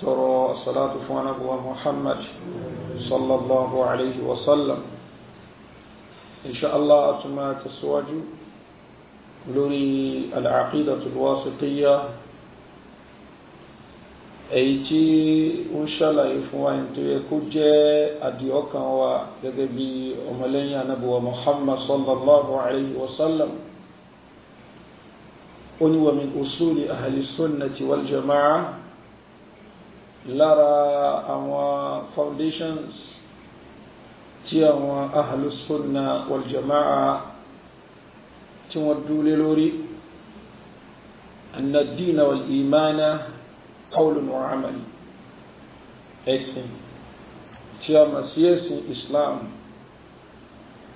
ترى الصلاة فوانك محمد صلى الله عليه وسلم إن شاء الله أتما تسواج لوري العقيدة الواسطية èyí tí ó ń ṣàlàyé fún wa ní tó yẹ kó jẹ́ àdìọ́kàn wa gẹ́gẹ́ bí ọmọlẹ́yìn anábíwa muhammad sallallahu alayhi wa sallam ó ní wa min lára àwọn foundations tí àwọn ahàlùsọ́nà wàljama'a tí wọ́n dúlé lórí annadina wàl'imana qawlun wa amal ẹ̀sìn tí a mọ̀ sí ẹ̀sìn islam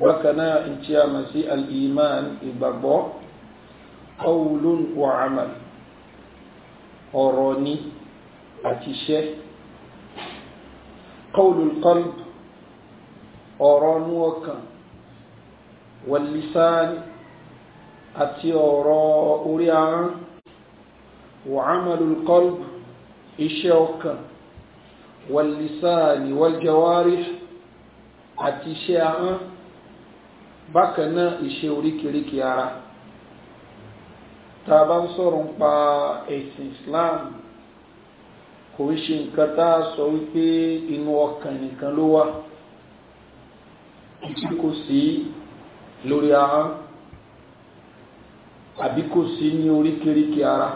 bákanáà tí a mọ̀ al'iman ìgbàgbọ́ qawlun wa amal ọ̀rọ̀ ni àti iṣẹ́ qawlul qalb ọ̀rọ̀ inú ọkàn wal lisan àti ọ̀rọ̀ orí ahọ́n wa amalul qalb iṣẹ́ ọkàn wal lisan àti iṣẹ́ ahọ́n bákan iṣẹ́ oríkèéríkèé ara tá bá ń sọ̀rọ̀ ń pa ẹ̀sìn Islam kò ń ṣe nǹkan tá a sọ wípé inú ọkàn nìkan ló wà tí kò sí lórí ahọ́n àbí kò sí ní oríkèéríkèé ara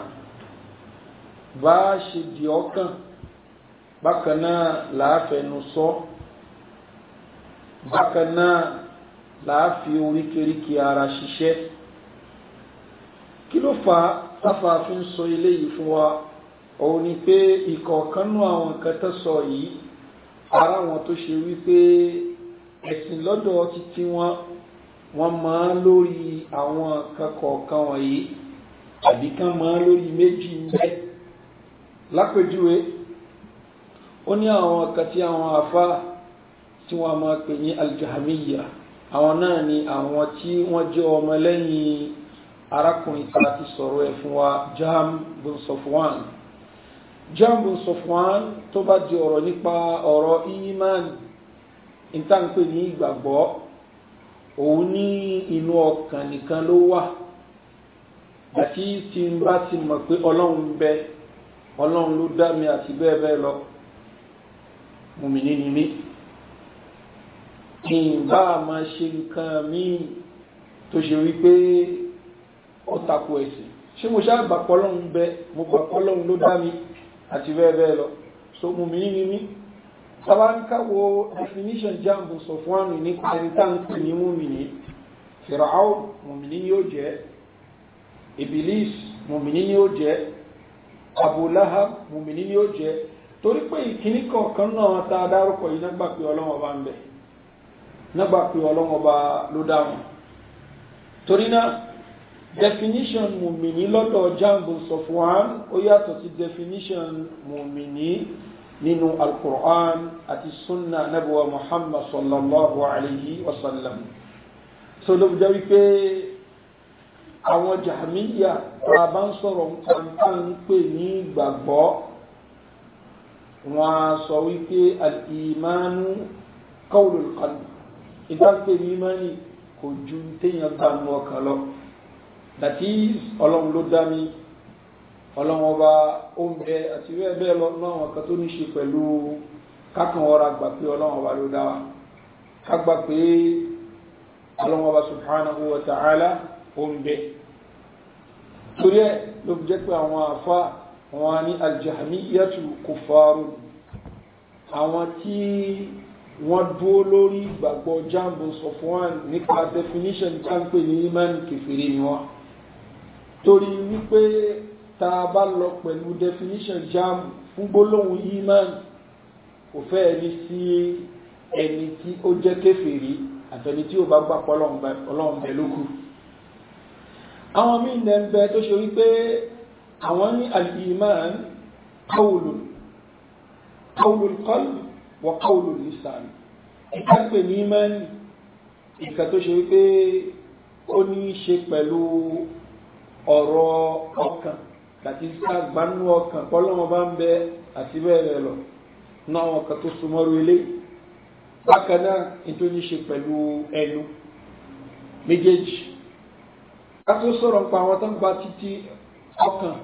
bá a ṣe di ọkàn bákan náà làáfẹnu sọ bákan náà làáfi oríkèéríkèé ara ṣiṣẹ́ kí ló fà á sáfà fi ń sọ eléyìí fún wa òun ni pé ìkọ̀ọ̀kanú àwọn nǹkan tó sọ yìí ara wọn tó ṣe wípé ẹ̀sìn lọ́dọ̀ títí wọn wọ́n máa ń lórí àwọn nǹkan kọ̀ọ̀kan wọ̀nyí àbí kán máa ń lórí méjì ń lápèjúwe ó ní àwọn nǹkan tí àwọn afa tí wọ́n máa pè ní aljahamiya àwọn náà ni àwọn tí wọ́n jẹ́ ọmọ lẹ́yìn arákùnrin tá ti sọ̀rọ̀ ẹ̀ fún wa jam bin jambu sofwan tó bá di ọ̀rọ̀ nípa ọ̀rọ̀ imani ìtànpé ní ìgbàgbọ́ òun ní inú ọkàn nìkan ló wà àti tí n bá ti mọ̀ pé ọlọ́run bẹ ọlọ́run ló dá mi àti bẹ́ẹ̀ bẹ́ẹ̀ lọ mùmìnì ni mí kí n bá máa ṣe nǹkan míì tó ṣe wípé ó ẹ̀sìn ṣé mo ṣáà gbà ọlọ́run bẹ mo gbà ọlọ́run ló dá mi àti bẹ́ẹ̀ bẹ́ẹ̀ lọ so mo mi ní mí tabanka wo definition jambu sọfúnwánù nípa ẹni tá ń pè ní mùmìnì fìràáwò mùmìnì yóò jẹ ibilis mùmìnì yóò jẹ abúláhà mùmìnì yóò jẹ torí pé ìkíní kọ̀ọ̀kan náà ta dárúkọ yìí nágbà pé ọlọ́wọ́ bá ń bẹ̀ nágbà pé ọlọ́wọ́ bá ló dáhùn torí náà definition mùmìnì lọ́dọ̀ jambo sọfwan ó yàtọ̀ sí definition mùmìnì nínú alkur'an àti sunna nabuwa muhammad sallallahu alayhi wa sallam so ló jẹ́ wípé àwọn jahamiya ta bá ń sọ̀rọ̀ nǹkan ń pè ní ìgbàgbọ́ wọn a sọ wípé al-imanu qawlul qalbi ìgbàgbé mímánì kò ju téèyàn gbàmù ọkàn lọ that is ọlọ́run ló dá mi ọlọ́run ọba oúnjẹ àti bẹ́ẹ̀ bẹ́ẹ̀ lọ náà wọn kan tó ní ṣe pẹ̀lú kákan ọ̀rá gbà pé ọlọ́run ọba ló dá wa ká gbà pé ọlọ́run ọba subhanahu wa ta'ala oúnjẹ torí ẹ ló jẹ́ pé àwọn àfa wọn ní aljahmiyatu kufaru àwọn tí wọ́n dúró lórí ìgbàgbọ́ jambo sọfún wa nípa definition jáǹpé ní imán kẹfìrí ni wọ́n torí wípé tá a bá lọ pẹ̀lú definition jáàmù fún gbólóhùn iman kò fẹ́ rí sí ẹni tí ó jẹ́ kèfèrí àtẹni tí ó bá gbà pọ̀ ọlọ́run bẹ̀ lókù àwọn míì nẹ ń bẹ tó ṣe wípé àwọn ní al-iman qawlun qawlul qalbi wa qawlul lisan ìka pè ní iman ìka tó ṣe wípé ó ní í ṣe pẹ̀lú ọ̀rọ̀ ọkàn tàbí sàgbánú ọkàn pọ́lọ́mọ bá ń bẹ àti bẹ́ẹ̀ bẹ́ẹ̀ lọ ní àwọn ọkàn tó súnmọ́rú ilé bákan náà nítorí ṣe pẹ̀lú ẹnu méjèèjì ká tó sọ̀rọ̀ àwọn tó ń gba títí ọkàn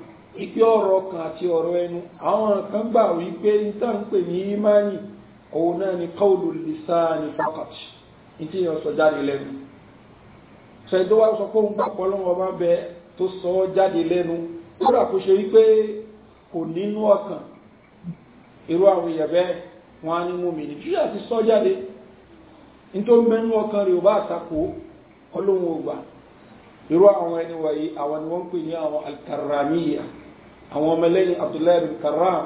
ọ̀rọ̀ ọkàn àti ọ̀rọ̀ ẹnu àwọn kan gbà wípé níta ń pè ní imani òun náà ni ní tí yẹn sọ jáde sọ èdè wa tó sọ ọ́ jáde lẹ́nu kódà kó ṣe wípé kò nínú ọkàn irú àwọn èèyàn bẹ́ẹ̀ wọn á ní mú mi ní jújà ti sọ jáde nítorí mẹ́nu ọkàn rẹ̀ ò bá àtakò ọlọ́run ògbà irú àwọn ẹni wọ̀nyí àwọn ni wọ́n ń pè ní àwọn alkaramiya àwọn ọmọlẹ́yìn abdullahi bin karam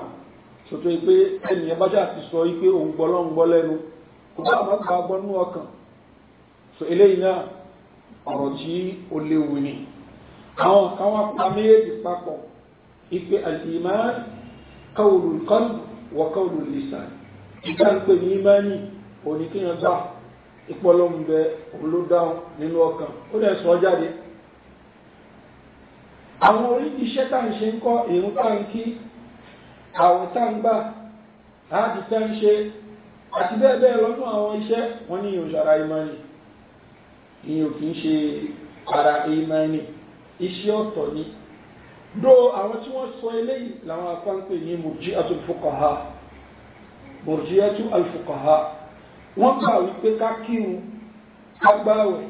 sọtọ́ pé ẹnìyàn bá ṣáà ti sọ pé òun gbọ́ lọ́n gbọ́ lẹ́nu kò bá àwọn àgbà nínú ọkàn so eléyìí náà ọ̀rọ̀ tí ó léwu ni àwọn kan wá pa méjèèjì papọ̀ ipe al-iman qawlul qalb wa qawlul lisan ìgbà ń pè ní ìmánì òní kíyàn gbà ìpọlọ́mbẹ olódáhùn nínú ọkàn ó dẹ̀ sọ jáde àwọn orí iṣẹ́ tá ń ṣe ń kọ́ ìrún tá àwọn tá láti tá ń ṣe àti bẹ́ẹ̀ bẹ́ẹ̀ lọ́nà àwọn iṣẹ́ wọ́n ní ìyòṣàrà ìmánì ìyò kìí ṣe ara ìmánì iṣẹ́ ọ̀tọ̀ ni dó àwọn tí wọ́n sọ eléyìí làwọn afánpè ní murji'atul fuqaha murji'atul fuqaha wọ́n gbà wípé ká kírun ká gbáwẹ̀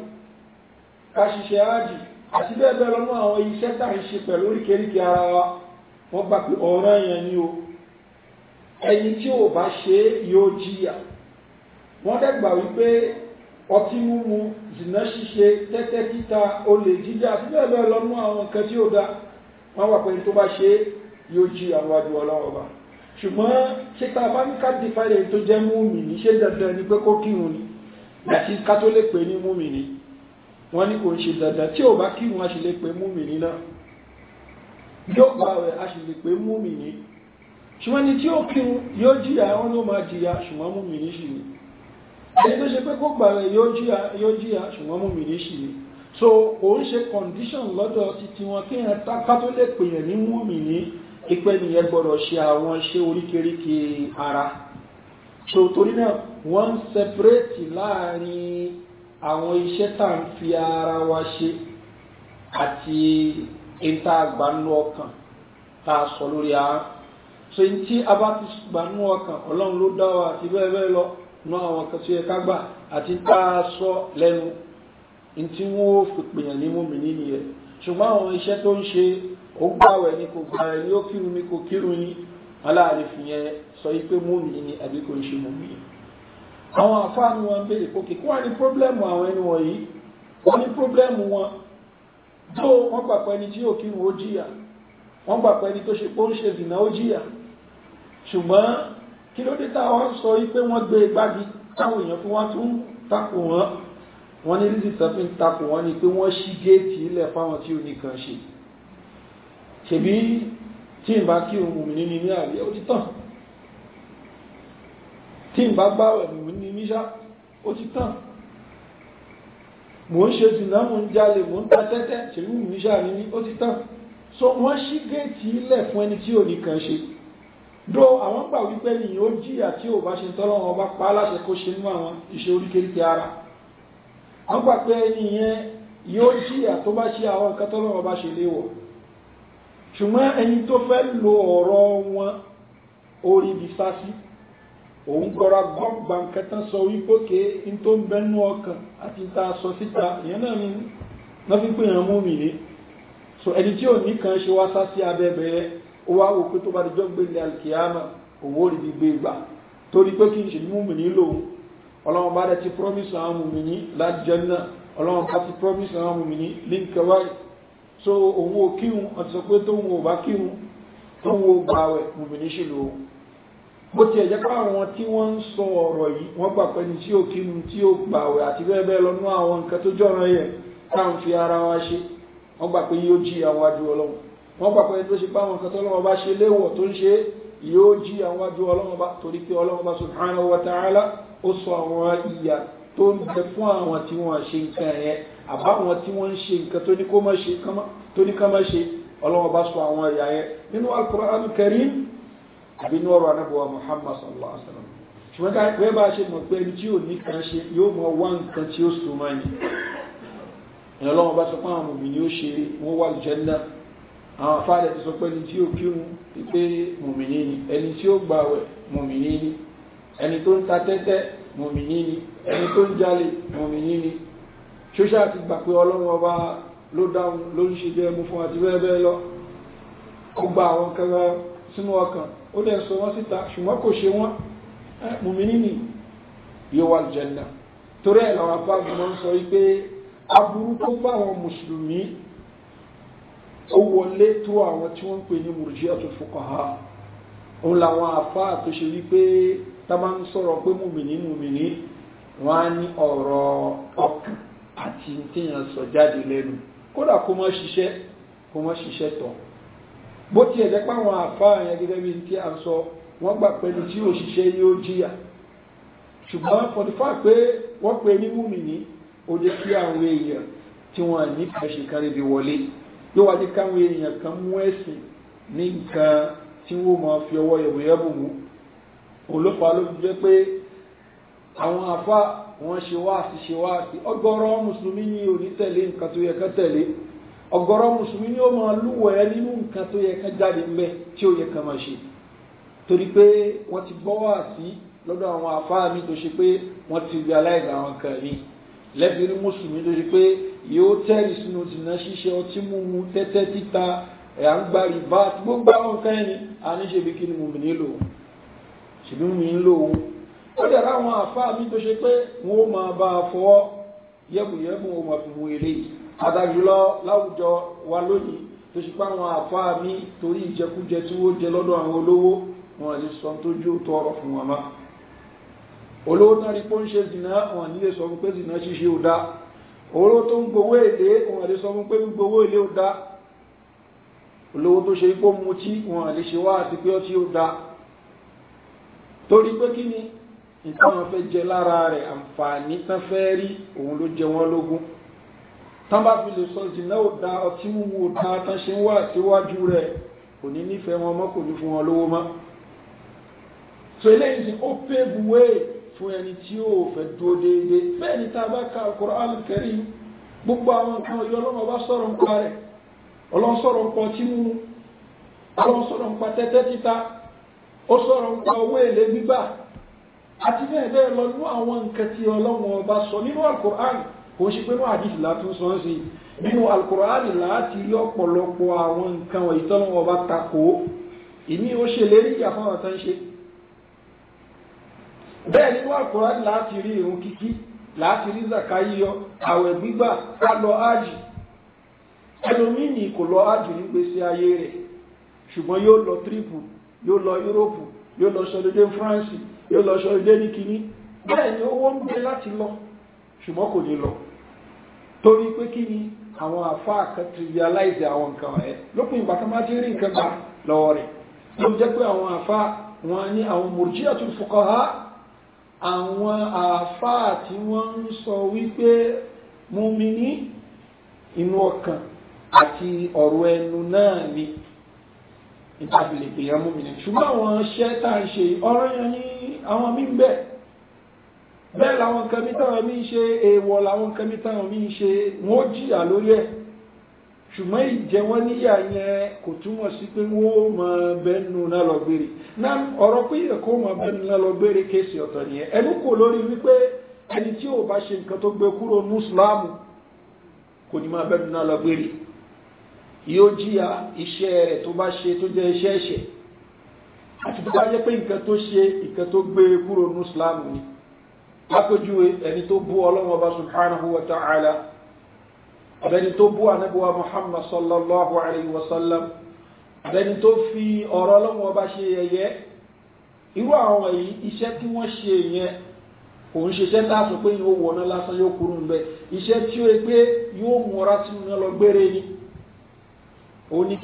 ká ṣiṣẹ́ ájì àti bẹ́ẹ̀ bẹ́ẹ̀ lọ́nà àwọn iṣẹ́ tá à ń ṣe pẹ̀lú oríkèéríkè ara wa wọ́n gbà pé ọ̀ràn yẹn ni o ẹni tí ò bá ṣe yóò jìyà wọ́n dẹ́gbà wípé ọtí mímu zìnà ṣíṣe tẹ́tẹ́ títa olè jíjà àti bẹ́ẹ̀ bẹ́ẹ̀ lọ mú àwọn nǹkan tí ó da wọ́n wà pẹ̀lú tó bá ṣe yóò jí àwọn àjò ọlọ́wọ́ bá ṣùgbọ́n ṣé tá bá ní káàdì fáìlẹ̀ tó jẹ́ múmi ní ṣé dandan ni pé kó kírun ni àti ká tó lè pè ní múmi ni wọ́n ní kò ń ṣe dandan tí ò bá kírun a sì lè pè múmi ni náà yóò gbà rẹ̀ a sì lè pè múmi ni ṣùgbọ́n ni tí ó kírun yóò jìyà àwọn ló máa jìyà ṣùgbọ́n múmi ni sì ni ẹni tó ṣe pé kó gbà rẹ̀ yóò jíyà ṣùgbọ́n mú mi níṣì ni so kò ṣe condition lọ́dọ̀ sí ti wọn kí yẹn ká tó lè pè yẹn ní mú mi ní ipẹ́ nìyẹn gbọ́dọ̀ ṣe àwọn ṣé oríkèéríkè ara so torí náà wọ́n ń separate láàrin àwọn iṣẹ́ tá à ń fi ara wa ṣe àti ìta àgbànú ọkàn tá a sọ lórí ara so ní tí a bá ti gbànú ọkàn ọlọ́run ló dá wa àti bẹ́ẹ̀ bẹ́ẹ̀ lọ nú àwọn kan tó yẹ ká gbà àti tá a sọ lẹ́nu ní tí wọ́n fi pèèyàn ní mọ́mí nìyẹn ṣùgbọ́n àwọn iṣẹ́ tó ń ṣe ó gbàwẹ̀ ní kò gbàwẹ̀ ní ó kírun ní kò kírun ní aláàrin fi yẹn sọ yí pé mọ́mí ni àbí kò ń ṣe mọ́mí yẹn àwọn àfáàní wọn béèrè kókè kí wọ́n ní pọ́blẹ́mù àwọn ẹni wọ̀nyí wọ́n ní pọ́blẹ́mù wọn tó wọ́n gbà pé tí yóò kírun ó jìyà wọ́n gbà pé tó ṣe pé ó kí ló dé táwọn sọ wípé wọ́n gbé gbági táwọn èèyàn fún wa tún takò wọ́n wọ́n ní rízì tán fi ń takò wọ́n ni pé wọ́n ṣí géètì ilẹ̀ fáwọn tí ò ní kan ṣe ṣèbí tí n bá kí ohun mi ní ní àrí ó ti tàn tí n bá gbá ẹ̀mù ní níṣá ó ti tàn mò ń ṣe sìnà mò ń jalè mò ń ta tẹ́tẹ́ ṣèlú mi níṣá ní ó ti tàn so wọ́n ṣí géètì ilẹ̀ fún ẹni tí ò ṣe do àwọn gbà wípé nìyí ó jìyà tí ò bá ṣe tọ́lọ́wọ́ ọba pa aláṣẹ kó ṣe nínú àwọn iṣẹ́ oríkèéríkè ara àwọn gbà pé nìyẹn yóò jìyà tó bá ṣe àwọn nǹkan tọ́lọ́wọ́ ọba ṣe léwọ̀ ṣùgbọ́n ẹni tó fẹ́ lo ọ̀rọ̀ wọn orí ibi sásí òun gbọ́ra gbọ́gbà nǹkan tán sọ wípé ké n tó ń bẹnu ọkàn àti ta sọ síta ìyẹn náà ni wọ́n fi pè hàn mú mi ní so ẹni tí ò ní kan ṣe wá sásí abẹ́bẹ̀rẹ̀ ó wá wò pé tó bá di jọ́ gbé ní alkiyama owó rí gbígbé gbà torí pé kí n ṣe mùmínì lòun ọlọ́run bá dẹ̀ ti promise àwọn mùmínì láti jánnà ọlọ́run bá ti promise àwọn mùmínì línkẹwàá so òun ò kírun àti sọ pé tóun ò bá kírun tóun ò gbààwẹ̀ mùmínì ṣe lòun bó tiẹ̀ jẹ́ pé àwọn tí wọ́n ń sọ ọ̀rọ̀ yìí wọ́n gbà pé ní tí ó kírun tí ó gbààwẹ̀ àti bẹ́ẹ̀ bẹ́ẹ̀ lọ́nú àwọn nǹkan tó jọ̀ràn yẹ táwọn fi ara wa ṣe wọ́n gbà pé yóò jí àwọn adúlọ́wọ́ wọ́n pàpọ̀ ẹni tó ṣe báwọn kan tọ́lọ́wọ́ bá ṣe léwọ̀ tó ń ṣe yóò jí àwọn ajú ọlọ́wọ́ bá torí pé ọlọ́wọ́ bá subhanahu wa ta'ala ó sọ àwọn ìyà tó ń bẹ fún àwọn tí wọ́n ṣe nǹkan yẹn àbáwọn tí wọ́n ń ṣe nǹkan tó ní kó má ṣe tó ní ká má ṣe ọlọ́wọ́ bá sọ àwọn ìyà yẹn nínú al ṣe mọ̀ pé ẹni tí àwọn afáàlẹ̀ ti sọ pé ẹni tí ó kírun pípé mùmìnì ni ẹni tí ó gbàwẹ̀ mùmìnì ni ẹni tó ń ta tẹ́tẹ́ mùmìnì ni ẹni tó ń jalè mùmìnì ni ṣóṣà ti gbà pé ọlọ́run ọba ló dáhùn ló ń ṣe bẹ́ẹ̀ mú fún àti bẹ́ẹ̀ bẹ́ẹ̀ lọ ó gba àwọn kẹrẹ sínú ọkàn ó dẹ̀ sọ wọ́n síta ṣùgbọ́n kò ṣe wọ́n mùmìnì ni yóò wà lùjẹ̀ torí ẹ̀ làwọn afáàgbọ́n sọ wípé aburú tó bá àwọn mùsùlùmí ó wọlé tó àwọn tí wọ́n ń pè ní murji'atu fuqaha òun làwọn àfáà tó ṣe wípé tá bá ń sọ̀rọ̀ pé mùmìnì mùmìnì wọ́n á ní ọ̀rọ̀ ọkàn àti tíyàn sọ jáde lẹ́nu kódà kó mọ́ ṣiṣẹ́ kó mọ́ ṣiṣẹ́ tọ̀ bó tiẹ̀ jẹ́ pé àwọn àfáà yẹn gẹ́gẹ́ bí tí a sọ wọ́n gbà pẹ̀lú tí òṣìṣẹ́ yóò jìyà ṣùgbọ́n fọ̀dífà pé wọ́n pe ní mùmìnì ó jẹ́ kí àwọn èèyàn tí wọ́n ní pẹ̀ṣẹ̀ bí wọlé yóò wájú káwọn èèyàn kan mú ẹ̀sìn ní nǹkan tí wọ́n máa fi ọwọ́ ìwé ẹ̀bù mú olófa ló fi jẹ́ pé àwọn àfa wọn ṣe wáàsí ṣe wáàsí ọ̀gọ̀rọ̀ mùsùlùmí ni ò ní tẹ̀lé nǹkan tó yẹ ká tẹ̀lé ọ̀gọ̀rọ̀ mùsùlùmí ni ó máa lúwẹ̀ẹ́ nínú nǹkan tó yẹ ká jáde ńbẹ tí ó yẹ ká máa ṣe torí pé wọ́n ti gbọ́ wáàsí lọ́dọ̀ àwọn àfa mi tó ṣe pé wọ́n ti realize àwọn kan ní lẹ́bi mùsùlùmí tó ṣe pé yóò tẹ́rì sínú tìǹà ṣíṣe ọtí mímu tẹ́tẹ́ títa ẹ̀yà e ń gba rìbá gbogbo àwọn nǹkan ẹni a ní ṣe bí kí ni mùmí nílò ṣèbí mùmí nílò òun ó dẹ̀ ráwọn àfáà mi tó ṣe pé wọn ó máa bá a fọwọ́ yẹ́bùyẹ́bù wọn máa fi wo eré àdájúlọ láwùjọ wa lónìí tó ṣe pé àwọn àfáà mi torí ìjẹkújẹ tí wọ́n jẹ lọ́dọ̀ àwọn olówó wọn lè sọ tó jó tọrọ fún wọn má olówó náà rí pé ó ń ṣe zìnà sọ fún pé zìnà ṣíṣe ò dáa owó tó ń gbowó èlé wọn lè sọ fún pé gbogbo èlé ó dá olówó tó ṣe ipò mutí wọn lè ṣe wá àti pé ọtí ó dá torí pé kí ni nǹkan wọn fẹ́ jẹ lára rẹ̀ àǹfààní tán fẹ́ rí òun ló jẹ wọn lógún tán bá fi lè sọ zìnà ó dá ọtí wúwo dá tán ṣe ń wá síwájú rẹ̀ kò ní nífẹ̀ẹ́ wọn mọ́ kò ní fún wọn lówó mọ́ so eléyìí ti ó pé buwéè fún ẹni tí ó fẹ́ dúró déédé bẹ́ẹ̀ ni tá bá ka Al-Qur'an Al-Karim gbogbo àwọn nǹkan ọyọ ọlọ́mọ bá sọ̀rọ̀ ń pa rẹ̀ ọlọ́n sọ̀rọ̀ ń pa ọtí mímu ọlọ́n sọ̀rọ̀ ń pa tẹ́tẹ́ títa ó sọ̀rọ̀ ń pa owó èlé gbígbà àti bẹ́ẹ̀ bẹ́ẹ̀ lọ nínú àwọn nǹkan tí ọlọ́wọ́n ọba sọ nínú Al-Qur'an kò ṣe pé ní àdìsí látún nínú Al-Qur'an láti rí ọ̀pọ̀lọpọ̀ àwọn nǹkan ìtọ́lọ́wọ́n ọba takò ìní ó ṣèlérí ìyàfọ́n àtàn ṣe bẹ́ẹ̀ nínú àkùrán láti rí ìrun kíkí láti rí zaka yíyọ àwẹ̀ gbígbà ká lọ ájì ẹlòmíì ní kò lọ ájì nígbésí ayé rẹ̀ ṣùgbọ́n yóò lọ tírípù yóò lọ yúróòpù yóò lọ sọdédé france yóò lọ sọdédé ní kínní bẹ́ẹ̀ ni owó ń gbé láti lọ ṣùgbọ́n kò ní lọ torí pé kí ni àwọn àfáà kan trivialize àwọn nǹkan ẹ̀ lópin ìgbà tó máa ti rí nǹkan gbà lọ́wọ́ pé àwọn afa wọn àwọn àwọn àáfàá tí wọ́n ń sọ wípé mùmíní inú ọkàn àti ọ̀rọ̀ ẹnu náà ni ìtàbílẹ̀ ìpèyàn mùmíní ṣùgbọ́n àwọn iṣẹ́ tá à ń ṣe ọ̀rọ̀ yẹn ní àwọn mí bẹ́ẹ̀ bẹ́ẹ̀ làwọn kan mi táwọn mí ṣe èèwọ̀ làwọn kan mi táwọn mí ṣe wọ́n jìyà lórí ẹ̀ ṣùgbọ́n ìjẹ́ wọ́n níyà yẹn kò túmọ̀ sí pé wọ́n mọ bẹ́ẹ̀nu náà lọ gbére náà ọ̀rọ̀ pé yẹ kó mọ bẹ́ẹ̀nu náà lọ gbére kéèsì ọ̀tọ̀ nìyẹn ẹnu kò lórí wípé ẹni tí ò bá ṣe nǹkan tó gbé kúrò ní ìsìláàmù kò ní mọ bẹ́ẹ̀nu náà lọ gbére yóò jìyà iṣẹ́ rẹ̀ tó bá ṣe tó jẹ́ iṣẹ́ ẹ̀ṣẹ̀ àti tó bá jẹ́ pé nǹkan tó ṣe nǹkan tó gbé kúrò ní ni lápèjúwe ẹni tó bú Ọlọ́hun Ọba subhanahu wa ta'ala abẹni tó bú anabiwa muhammad sallallahu alayhi wa sallam abẹni tó fi ọ̀rọ̀ ọlọ́wọ́ bá ṣe yẹ̀yẹ́ irú àwọn yìí iṣẹ́ tí wọ́n ṣe yẹn kò ń ṣiṣẹ́ tá a sọ pé yóò wọná lásán yóò kúrú ń bẹ iṣẹ́ tí ó yẹ pé yóò múra sínú náà lọ gbére ni òní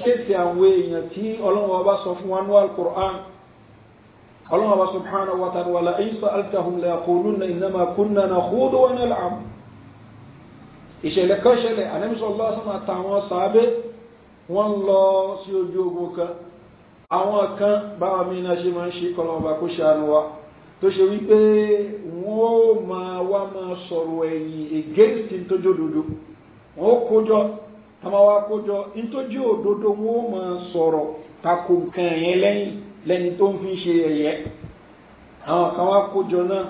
àwọn èèyàn tí ọlọ́wọ́ ọba sọ fún wa ní alukur'an ọlọ́wọ́ ọba subhanahu wa ta'ala wala in sa'altahum la yaquluna innama kunna nakhudu wa nal'am ìṣẹ̀lẹ̀ kan ṣẹlẹ̀ anẹ́mísọ̀lá sọ́mà àtàwọn sàábé wọ́n lọ sí ojú ogun kan àwọn kan báwọn mìíràn ṣe máa ń ṣe kọlọmọba kó ṣàánú wa tó ṣe wípé wọ́n ó máa wá máa sọ̀rọ̀ ẹ̀yìn against ntójó dodo wọ́n ó kójọ àmọ́ wa kójọ ntójó òdodo wọ́n ó máa sọ̀rọ̀ tako nǹkan ẹ̀yẹ lẹ́yìn lẹ́ni tó ń fi ṣe ẹ̀yẹ àwọn kan wá kójọ náà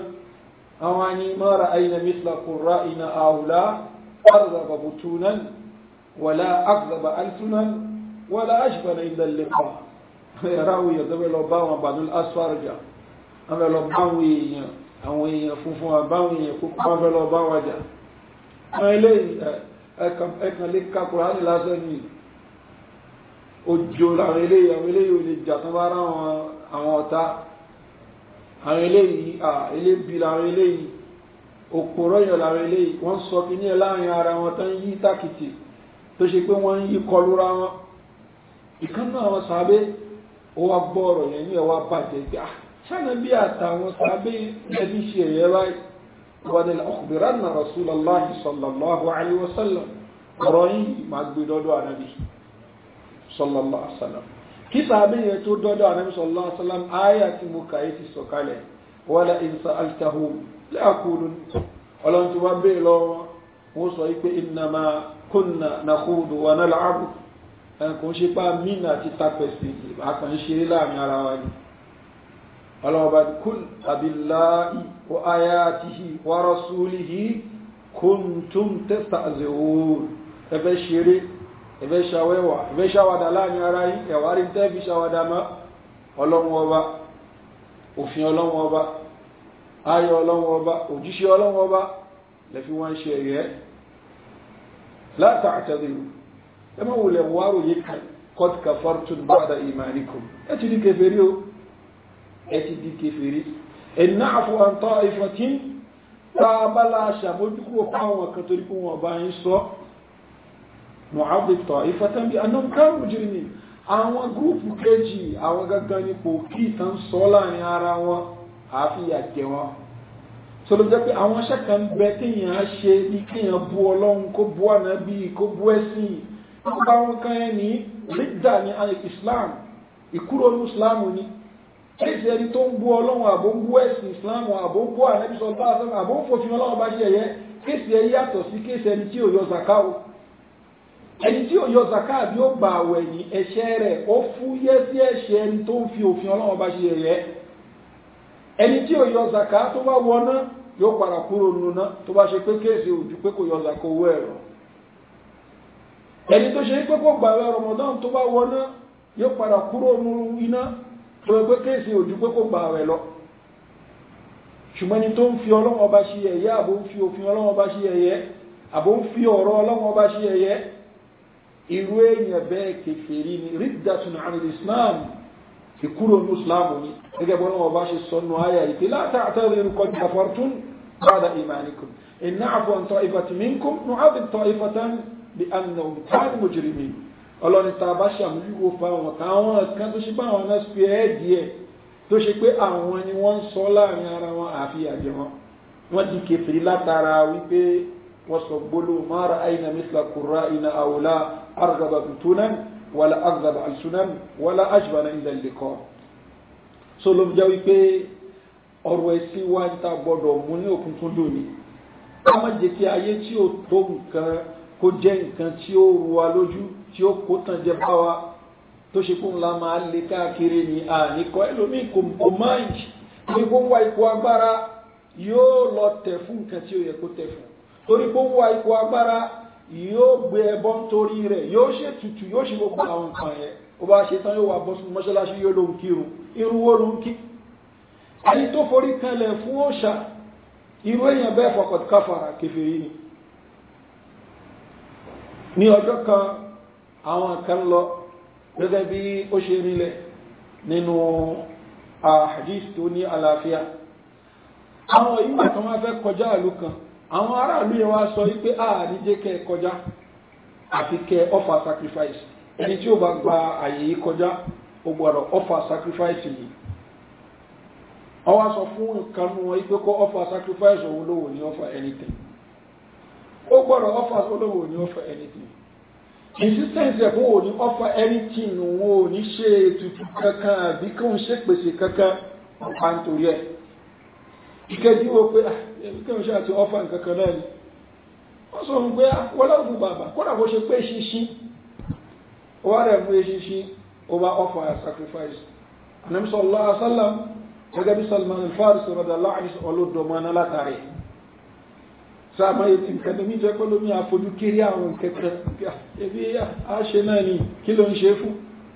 àwọn anyi mara ayinamisla kura ina àwùlá قرب بطونا ولا أكذب ألسنا ولا أشبن إلا اللقاء يراوي يدوي لباوة بعد الأسفارجة أنا لباوي àwọn èèyàn funfun àbáwọn èèyàn kó pàfẹ́ lọ bá wàjà wọ́n ilé ẹ̀kàn lè kàkùrá ní lásán ní òjò àwọn ilé àwọn ilé yóò lè jà tán bá rá àwọn ọ̀tá àwọn ilé yìí à ilé bí àwọn ilé yìí òpòrọ̀ yàn lára eléyìí wọ́n sọ kíní ẹ̀ láàrin ara wọn tán yí tàkìtì tó ṣe pé wọ́n ń yí kọlura wọn ìkan náà wọn sàbẹ ó wá gbọ́ ọ̀rọ̀ yẹn ní ẹwà bàjẹ́ gbà ah, ṣáná bí àtàwọn sàbẹ ẹbí ṣe ẹ̀yẹ báyìí wọ́n ní ọkùnrin náà Rasulullah sallallahu alaihi wasallam ọ̀rọ̀ yìí máa gbé dọ́dọ̀ ànábì sallallahu alaihi kí sàbẹ yẹn tó dọ́dọ̀ ànábì sallallahu alaihi ولئن سألتهم ليقولن ọlọ́run tí wọ́n bèèrè lọ́wọ́ wọ́n sọ wípé innama kunna nakhudu wa nal'abu ẹ̀kùn ṣe pa mínà àti tapẹ̀sì àkàn ṣeré láàrin ara wa ni ọlọ́ọ̀bá kul abillahi wa ayatihi wa rasulihi kuntum tastahzi'un ẹ̀fẹ́ ṣeré ẹ̀fẹ́ ṣàwẹ́wà ẹ̀fẹ́ ṣàwàdà láàrin ara yìí ẹ̀wárí tẹ́ẹ̀fì ṣàwàdà mọ́ ọlọ́run òfin ọlọ́run ayọ̀ ọlọ́wọ́ ọba òjíṣẹ́ ọlọ́wọ́ ọba lẹ́fi wọ́n ṣe ẹ̀yẹ́ látàtàdìrù ẹ má wulẹ̀ wọ́n aróyè kọ́t kafartum ba'da imanikum ẹ ti di kèfèrí o ẹ ti di kèfèrí ẹ na'fu an ta'ifatin tá a bá láṣà mójúkúrò fáwọn kan torí pé wọn bá ń sọ nu'adhib ta'ifatan bi annahum kanu mujrimin àwọn gúrùpù kejì àwọn gangan nípò kí ìtàn sọ láàrin ara wọn àáfíà jẹ wọn sọlọ jẹ pé àwọn aṣẹ kan bẹ kéèyàn ṣe ní kéèyàn bu Ọlọ́run kó bu ànábì kó bu ẹsìn nípa àwọn kan ẹ rídà ní Islam ìkúrò ní Islam ni kéèsì ẹni tó ń bu Ọlọ́run àbó ń bu ẹsìn Islam àbó ń bu ànábì sọ bá àṣẹ àbó ń fòfin Ọlọ́run bá ṣe ẹyẹ kéèsì ẹ yàtọ̀ sí kéèsì ẹni tí ò yọ zaka o ẹni tí òyọ zaka bí gbà àwẹ̀ ní ẹ̀ṣẹ̀ rẹ̀ ó fúyẹ́ sí ẹ̀ṣẹ̀ ẹni tó ń fi òfin Ọlọ́run bá ṣe yẹ̀yẹ́ ẹni tí ò yọ zaka tó bá wọná yóò padà kúrò nuna tó bá ṣe pé kéèsì òjú pé kò yọ zaka owó ẹ̀rọ ẹni tó ṣe pé kò gbàwẹ̀ Ramadan tó bá wọná yóò padà kúrò iná tó kéèsì pé kò lọ ṣùgbọ́n tó ń fi ọlọ́wọ́ bá ṣe ẹ̀yẹ àbò fi òfin ọlọ́wọ́ bá ti kúrò ní islam ni gẹ́gẹ́ bọ́n wọn bá ṣe sọnù ayà ìpè láta àtàríru kọ́ kafartum ba'da imanikum in na'fu an ta'ifatan minkum nu'adhib ta'ifatan bi annahum kanu mujrimin ọlọ́ni tá a bá ṣe àmójúwò fáwọn táwọn kan tó ṣe bá àwọn náà fi ẹ́ díẹ̀ tó ṣe pé àwọn ni wọ́n ń sọ láàrin ara wọn àfi àjẹ wọn wọ́n di kèfèrí látara wípé wọ́n sọ gbólóhùn Wala akzab alsunam wàlá ajbana ilẹ̀ ìlẹ̀kọ́ so ló ń jẹ́ wípé ọ̀rọ̀ ẹ̀sìn wa ń ta gbọ́dọ̀ mú ní òkun tún lónìí ká má jẹ́ kí ayé tí ó tó nǹkan kó jẹ́ nǹkan tí ó ru wa lójú tí ó kó tàn jẹ bá wa tó ṣe fún la máa lè káàkiri ní àníkọ́ ẹlòmíì kò mọ̀ máìjì ní kó wá ipò agbára yóò lọ tẹ̀ fún nǹkan tí ó yẹ kó tẹ̀ fún torí kó yóò gbé ẹbọ nítorí rẹ̀ yóò ṣe tutù yóò ṣe gbogbo àwọn nǹkan yẹn ó bá ṣe tán yóò wà bọ́ sínú mọ́ṣáláṣí yóò lóun kírun irun lóun kí ẹni tó forí kanlẹ̀ fún òòṣà irú èèyàn bẹ́ẹ̀ fọkàn káfàrà kèfèrí ni ní ọjọ́ kan àwọn kan lọ gẹ́gẹ́ bí ó ṣe rinlẹ̀ nínú àhàdís ah, tó ní àlàáfíà àwọn ìgbà kan wá fẹ́ kọjá àlù kan àwọn aráàlú yẹn wá sọ wípé ààrí jẹ́ kọjá àti kẹ́ offer sacrifice ẹni tí bá gba àyè yìí kọjá ó gbọ́dọ̀ offer sacrifice yìí wá sọ fún ìkanu wọn wípé kọ offer sacrifice òun lówó ní offer anything ó gbọ́dọ̀ offer olówó ní anything insistence ní offer anything ẹbí kí wọ́n ṣe àti ọ́fà nǹkan kan náà ni wọ́n sọ fún pé ah, wọ́lọ́gùn bàbà kódà bó ṣe pé ṣinṣin ó rẹ̀ fún eṣinṣin ó bá sacrifice anam sallallahu alaihi wasallam gẹ́gẹ́ bí Salman al-Faris radallahu anhu ọlọ́dọ̀mọ́ náà látàrí sáàmà ètì nǹkan tó ní jẹ́ pé lómi àfojú kéré àwọn kẹkẹ ebi àṣẹ náà ni kí ló ń ṣe fún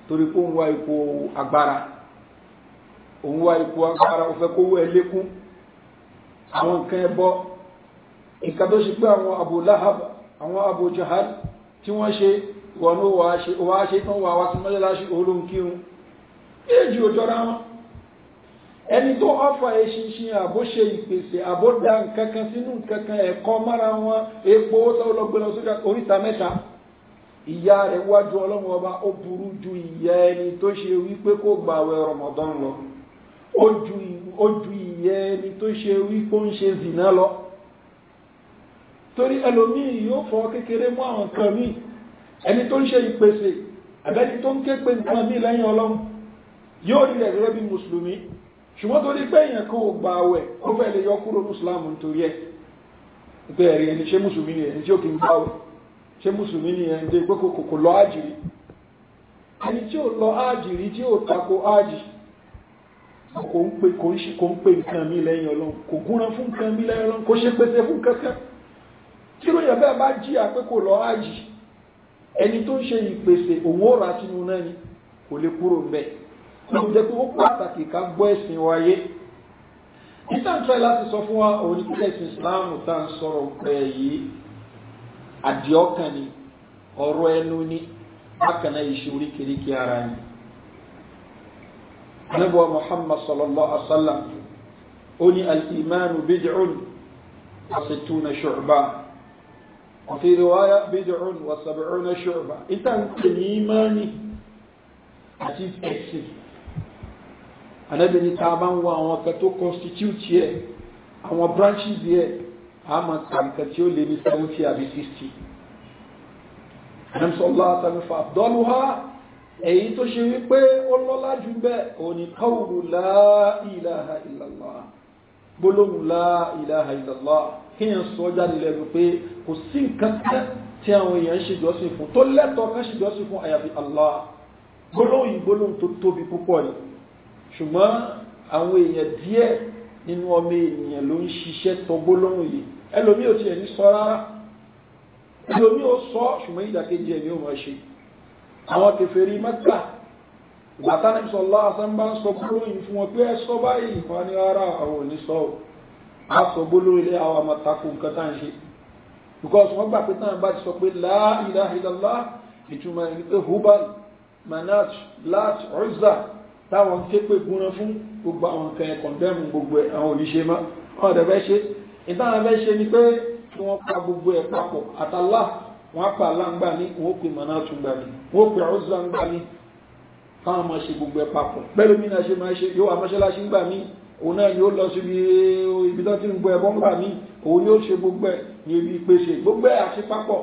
torí pé òun wá ipò agbára òun wá ipò agbára ó kówó ẹ àwọn nǹkan ẹbọ nǹkan tó ṣe pé àwọn Abu Lahab àwọn Abu Jahal tí wọ́n ṣe wọnú wà ṣe tán wà wá sí mọ́ṣáláṣí olóńkírun èjì òjọra wọn ẹni tó ọfà eṣinṣin àbó ṣe ìpèsè àbó da nǹkan kan sínú nǹkan kan ẹ̀kọ́ mára wọn epo lọ́gbẹ́lọ́ sójà oríta mẹ́ta ìyá rẹ̀ wájú ọlọ́run ọba ó burú ju ìyá ẹni tó ṣe wípé kó gbàwẹ̀ Ramadan lọ ojú ìyẹ́ ẹni tó ṣe wípó ń ṣe zìnà lọ torí ẹlòmíì yóò fọ́ kékeré mú àwọn kan míì ẹni tó ń ṣe ìpèsè àbẹ́ni tó ń ké pé nǹkan míì lẹ́yìn ọlọ́run yóò rí rẹ̀ gẹ́gẹ́ bí mùsùlùmí ṣùgbọ́n torí pé èèyàn kan ò gba àwẹ̀ ó fẹ́ lè yọ kúrò mùsùlùmí nítorí ẹ̀ pé ẹ̀rí ẹni ṣé mùsùlùmí ni ẹni tí ó kì í gbáwẹ̀ ṣé mùsùlùmí ni ẹni tó gbé kòkòkò lọ ájìrí ẹni tí ó lọ ájìrí tí ó tako ájìrí kò ń pe kò ń ṣe kò ń pe nǹkan mi lẹ́yìn ọlọ́run kò gúnran fún nǹkan mi lẹ́yìn ọlọ́run kò ṣe pèsè fún kankan tí ló yẹ bẹ́ẹ̀ bá jìyà pé kò lọ ájì ẹni tó ń ṣe ìpèsè òun ó ra sínú náà ni kò lè kúrò ń bẹ̀ lóun jẹ́ pé ó pàtàkì ká gbọ́ ẹ̀sìn wáyé ìtàǹtẹ́ láti sọ fún wa òun ní ẹ̀sìn Islam tá à ń sọ̀rọ̀ pẹ̀ yìí àdìọ́kàn ni ọ̀rọ̀ ẹnu ni bákan náà ìṣe oríkèéríkèé ara ni nabuwa muhammad sallallahu alaihi wasallam ó ní al-imanu bid'un wa situna shu'ba wa fi riwaya bid'un wa sab'una shu'ba ita n pè ní imani àti ẹ̀sìn anabi ni tá a bá ń wo àwọn kan tó constitute yẹ àwọn branches yẹ a máa ka nǹkan tí ó lé ní seventy àbí sixty anamsọ allah àtàlùfà dọ́lù ha èyí tó ṣe wípé ó lọ́lá jù bẹ́ẹ̀ òní qawlu la ilaha illallah gbólóhùn la ilaha illallah kíyàn sọ jáde lẹ́nu pé kò sí nǹkan tẹ́ tí àwọn èèyàn ṣe jọ́sìn fún tó lẹ́tọ̀ọ́ kan ṣe jọ́sìn fún àyàfi Allah gbólóhùn ìgbólóhùn tó tóbi púpọ̀ ni ṣùgbọ́n àwọn èèyàn díẹ̀ nínú ọmọ ènìyàn ló ń ṣiṣẹ́ tọ gbólóhùn yìí ẹlòmí ò tiẹ̀ ní sọ rárá ẹlòmí ò sọ ṣùgbọ́n ìdàkejì ẹ̀ ni ó máa ṣe àwọn kèfèrí Mẹ́kà ìgbàtánìsọ̀lá asánbá ń sọ gbólóyìn fún wọn pé ẹ sọ báyìí wọn ni ara àwọn òní sọ ọ́ a sọ gbólóyìn lé àwọn àmọ́takù nǹkan tá à ń ṣe because wọ́n gbà pé táwọn bá ti sọ pé la ilaha illallah ìtumọ̀ ẹni pé hubal manat lat uzza táwọn ké pé gúnran fún gbogbo àwọn nǹkan ẹ̀kọ́ dẹ́mu gbogbo àwọn oníṣẹ́ mọ́ wọn dẹ̀ fẹ́ ṣe ìtàn wọ́n á pa aláǹgbà ní wọ́n ó pè mọ̀nà àtúngbà ní wọ́n ó pè ọ̀zà ńgbà ní káwọn máa ṣe gbogbo ẹ̀ papọ̀ pẹ̀lú mi náà ṣe máa ṣe yóò amọ́ṣáláṣí ńgbà ní òun náà yóò lọ síbi ibi tó ti ń gbọ́ ẹbọ ńgbà ní òun yóò ṣe gbogbo ẹ̀ ní ibi ìpèsè gbogbo ẹ̀ àti papọ̀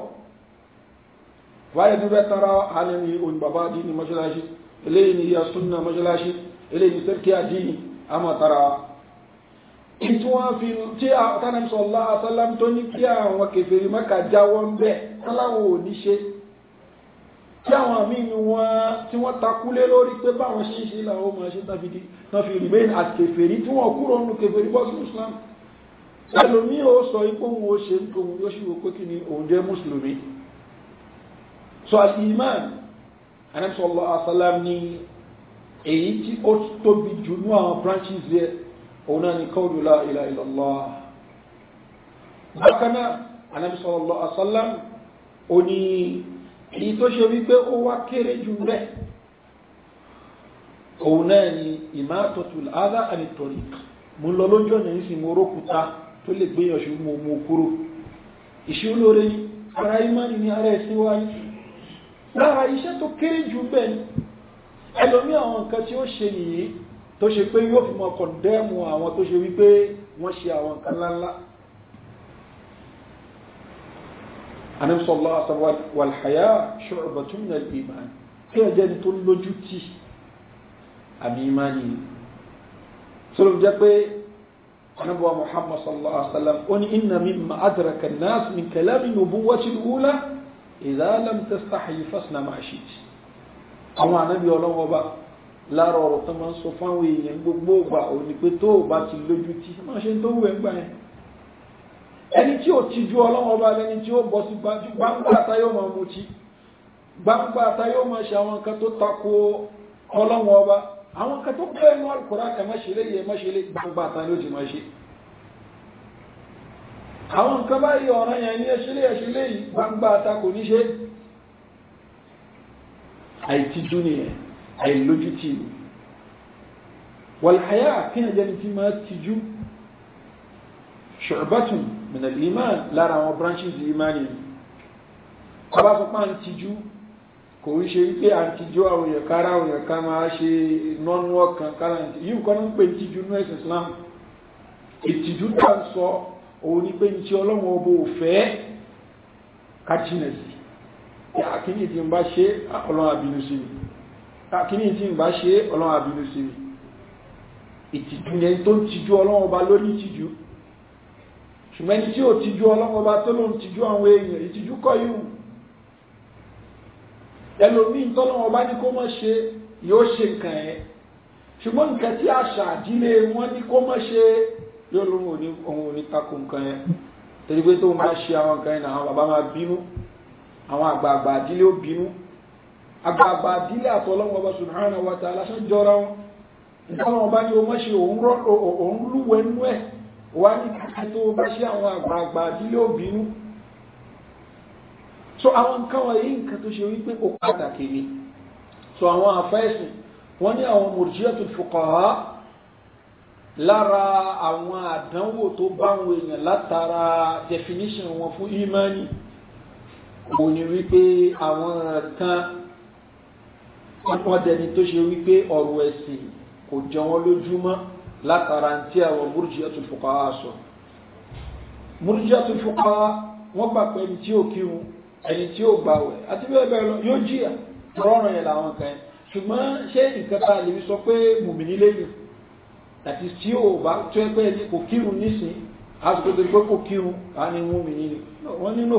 wáyé bí bẹ́ẹ̀ tara alẹ́ ní òun bàbá dín ní mọ́ṣáláṣí eléyìí ní ìyá súnà mọ́ṣáláṣí eléyìí ní sẹ́kíà dín ní àmọ́ tara wa ìtún wọn fi tí àwọn tánàmùsọ̀ ọ̀la àtàlámù tó ní kí àwọn kẹfẹ́rì mẹ́ka jáwọ́ ń bẹ́ẹ̀ táwọn ò ní ṣe tí àwọn àmín wọn tí wọ́n takúlé lórí pé báwọn ṣe ń ṣe làwọn ọmọ ṣe tàbí di náà fi remain as kèfèrí tí wọ́n kúrò nínú kèfèrí bọ́sùn Islam ẹlòmí ò sọ ipò òun ó ṣe nítorí òun yóò ṣe pé kí ni òun jẹ́ mùsùlùmí so al-iman anamsọlọ asalam ni èyí tí ó tóbi jù ní àwọn branches yẹ òun náà ni qawlu la ilaha illallah bákan náà anamsọlọ asalam ó ní èyí tó ṣe wípé ó wá kéré jù rẹ̀ òun náà ni ìmá àtọ̀tùl áádá ànìtọ̀rì mú lọ lójú ọ̀nà yìí sì mú orókúta tó lè gbéyàn ṣe mú mú kúrò ìṣirò lóore ni ara imáni ni ara ẹ̀sìn wáyé lára iṣẹ́ tó kéré jù bẹ́ẹ̀ ni ẹlòmí àwọn nǹkan tí ó ṣe nìyí tó ṣe pé yóò fi mọ kọ̀ndẹ́mù àwọn tó ṣe wípé wọ́n ṣe àwọn nǹkan ńláńlá ànábì sallallahu alaihi wasallam wàlhàyà shu'batun min al-iman kí ẹ jẹ́ ní tó lójú tì àmì ìmánì sọlọ́m jẹ́ pé ànábì wa muhammad sallallahu alaihi wasallam ó ní inna mimma adraka an-nas min kalami nubuwwati al-ula idha lam tastahi fasna ma shi'ta àwọn ànábì ọlọ́wọ́ bá lára ọ̀rọ̀ tó máa ń sọ fáwọn gbogbo ògbà òní pé tó o bá ti lójú tì máa ṣe tó wù ẹ́ yẹn ẹni tí ò tijú ọlọ́wọ́ bá lẹni tí ó bọ́ sí gbangba ata yóò máa mutí gbangba ata yóò máa ṣe àwọn kan tó tako ọlọ́wọ́ ọba àwọn kan tó bẹ́ẹ̀ ní alukóra kà má ṣe léyè má ṣe lé gbangba ata ni ó ti máa ṣe àwọn nǹkan báyìí ọ̀ràn yẹn ní ẹṣẹ́lẹ̀ ẹṣẹ́lẹ̀ yìí gbangba ata kò ní ṣe àìtijú nìyẹn àìlójútì ni wàlhàyà kí ẹjẹni tí máa tijú ṣùgbọ́n minal iman lára àwọn branches imani ọba sọpá ń tijú kò ń ṣe wípé à ń tijú àwọn èèyàn kára àwọn èèyàn ká máa ṣe nọ́nú ọkàn kára ń tijú yíò kọ́ ní pé ní ẹ̀sìn Islam ìtìjú tá ń sọ òun ní pé ń tí ọlọ́run ọbọ òfẹ́ kájínẹ̀sì àkíní tí ń bá ṣe ọlọ́run àbínú sí mi àkíní tí ń bá ṣe ọlọ́run àbínú sí mi ìtìjú yẹn tó ń tijú ọlọ́run ọba lórí ìtìjú ṣùgbọ́n ẹni tí ò tijú ọlọ́wọ́ bá tó lóun tijú àwọn èèyàn kọ́ yìí ẹlòmí tọ́lọ́wọ́ ní kó mọ̀ ṣe yóò ṣe nǹkan ẹ̀ ṣùgbọ́n nǹkan tí àṣà àdílé wọn ní kó mọ̀ ṣe yóò òun ò ní takò nǹkan ẹ̀ torí pé tó máa ṣe àwọn nǹkan ẹ̀ náà àwọn bàbá máa bínú àwọn o wá ní kíkí tó bá ṣe àwọn àgbààgbà ìdílé òbínú so àwọn nǹkan wọ̀nyí nǹkan tó ṣe wípé ó pàtàkì ni so àwọn àfẹ́sùn wọ́n ní àwọn murji'atul fuqaha lára àwọn àdánwò tó báwọn èèyàn látara definition wọn fún imani kò ní wípé àwọn kan wọ́n dẹni tó ṣe wípé ọ̀rọ̀ ẹ̀sìn kò jọ wọ́n lójúmọ́ látara tí àwọn murji'atul fuqaha sọ murji'atul fuqaha wọ́n gbà pé ẹni tí ó kírun ẹni tí ó gbàwẹ̀ àti bẹ́ẹ̀ bẹ́ẹ̀ lọ yóò jìyà rọrùn yẹn làwọn kan yẹn ṣùgbọ́n ṣé nǹkan tá a lè sọ pé mùmìnì lẹ́yìn àti tí ò bá tó ẹ pé ẹni kò kírun nísìn àsìkò tó gbé kò kírun á ní mùmìnì ni wọ́n nínú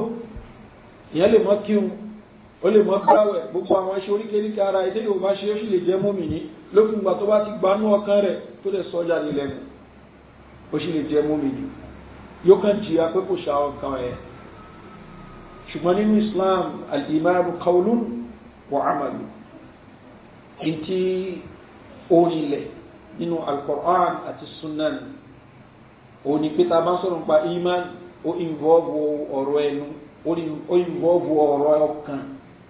ìyẹn lè mọ́ kírun ó lè mọ́ gbàwẹ̀ gbogbo àwọn iṣẹ́ oríkèéríkèé ara ẹ̀dẹ́ yóò bá ṣe é sì lè jẹ́ mùmìnì lókùngbà tó bá ti gbanú ọkàn rẹ̀ tó lè sọ jáde lẹ́nu ó sì lè jẹ́ mú mi jù yóò kàn jìyà pé kò ṣàwọn nǹkan ẹ̀ ṣùgbọ́n nínú Islam al-imanu qawlun wa amalu ní tí ó rinlẹ̀ nínú al-Qur'an àti sunan ó ní pé ta bá sọ̀rọ̀ nípa iman ó involve ọ̀rọ̀ ẹnu ó involve ọ̀rọ̀ ọkàn